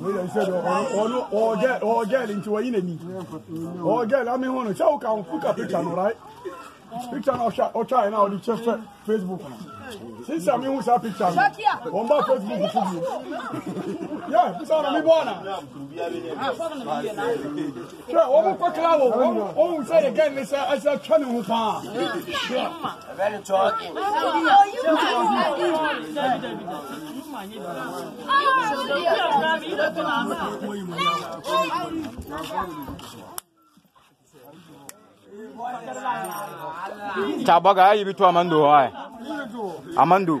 ɔgɛl nti wɔyi n'ani ɔgɛl ami hɔn sɛ o kan fuka picture no right picture na ɔtwa ɔtwa yɛn na ɔde kyɛ fɛ facebook na sisan mi hu sa picture no wɔn ba facebook fo bi yɛ sisan na mi bɔ ɔna hwɛ wɔn mo kɔ kila wo wɔn wɔn sɛ yɛ gɛl ni sɛ ɛsɛ twɛ ne ho paa. Very talking. Tabaga ibi tu amandu hai. Amandu.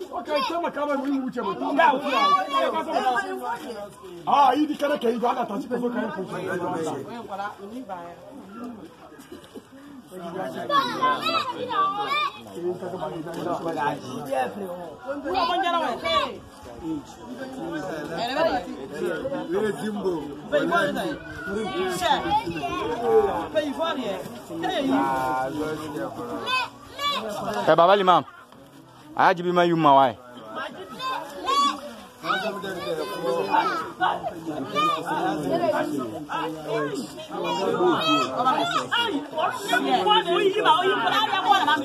Okay, tell my camera não you reach your Não, não. ah, you can get you got that people can put you. É babá limão. I bi to ma my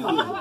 Thank you.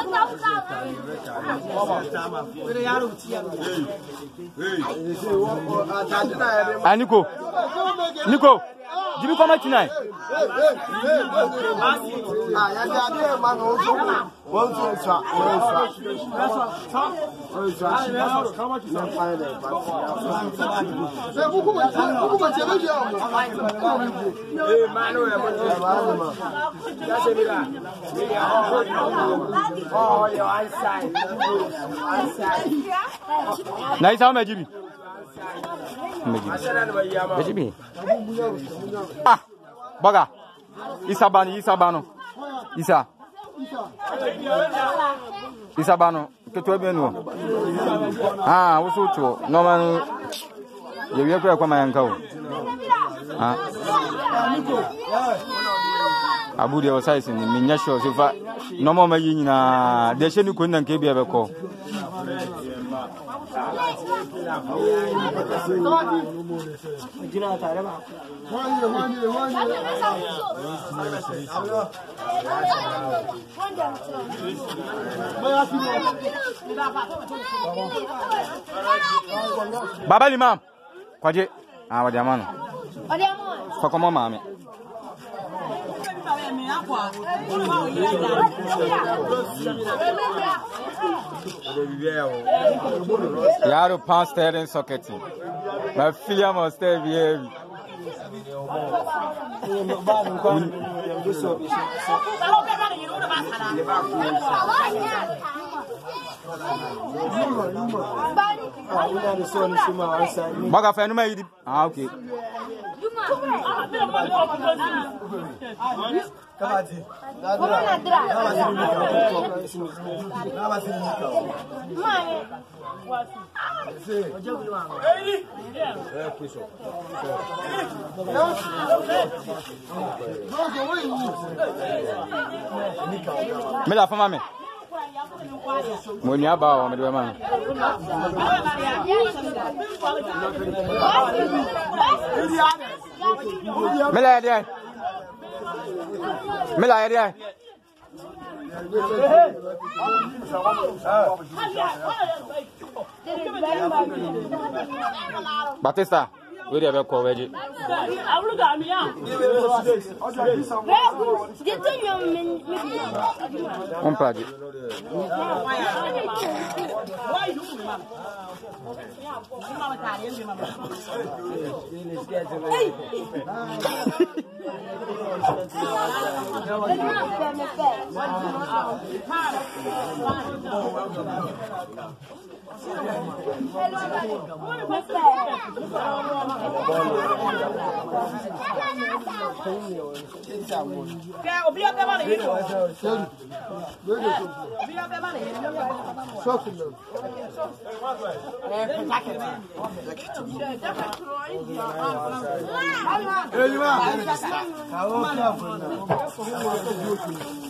Aniko, Niko, Jimmy, come out tonight yàtí adé yẹn máa ń wọ́n tó kù wọ́n tó sà wọ́n sà wọ́n sà yẹn fa yẹn lẹ̀ bá ti yà fún mi. kúkú bẹ̀ tiẹ̀ kúkú bẹ̀ tiẹ̀ bẹ̀ tiẹ̀ o. ee maa n'o yẹ bọ̀ tiẹ̀ maa n'o ma. yàtí mi la mi yà ọ̀ ọ̀ yà ọ̀ yà ọ̀ ansa yi ansa yi. na yi sáwọn mẹjiri. mẹjiri mẹjiri. ah bọ́gà isabani isabanu. Isa. Isa bano, ketewa bi enu. Ah, wosu tuo. Noma no. Ye wie kwa kwa mayanka o. Ah. Abu dia wasai sin minya sho so fa. Noma ma yi nyina. De she ni ko nan ke bi jira tare ba wani wani wani baba limam kwaje ah, a waje mana kwa kuma mame Thank you. You have to pass steering socket. My fear must stay here. Baga fa enuma yidi. Ah Kama ti? Kama na dra? Kama ti mi ka? Kama ti mi ka? Mami. Se. Eh, puso. Me la fama me. Mo ni aba o me de ma. Me la de. mới lại đi ơi Batista o de bɛ kɔwɛ de. Eyvah! Eyvah! Kavuşa fırına.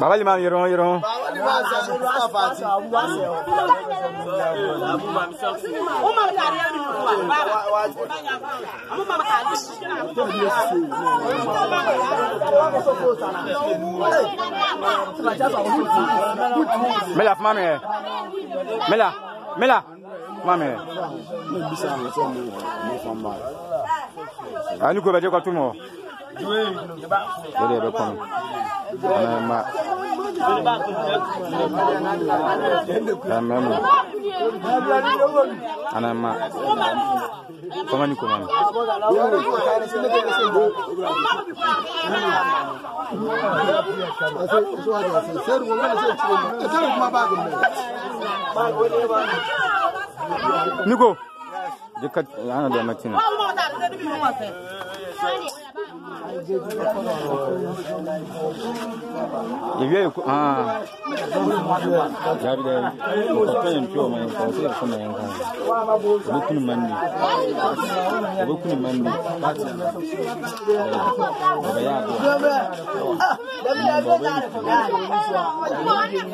baba lima máa yọrọ wọn mela fuma mi yɛ mela mela fuma mi yɛ. a ko bɛ jɛ ka tu mɔ. Jadi ada kon. Ana ma. Ana ma. Ana ma. Koma ni koma. Niko. Dekat ana da matina. ìwé ìkó hàn jábìlẹ̀ ìkọ̀tọ̀ yìí o mọ̀ nǹkan ọ̀sẹ̀ ìfún mọ̀ nǹkan ìbókùnrin máa ń lè ìbókùnrin máa ń lè láti ọ̀bẹ̀ yá àgbọ̀ ọ̀bẹ̀ yìí.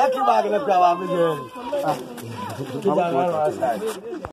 Ẹ kí n bá a gbẹ pẹ̀lú àwọn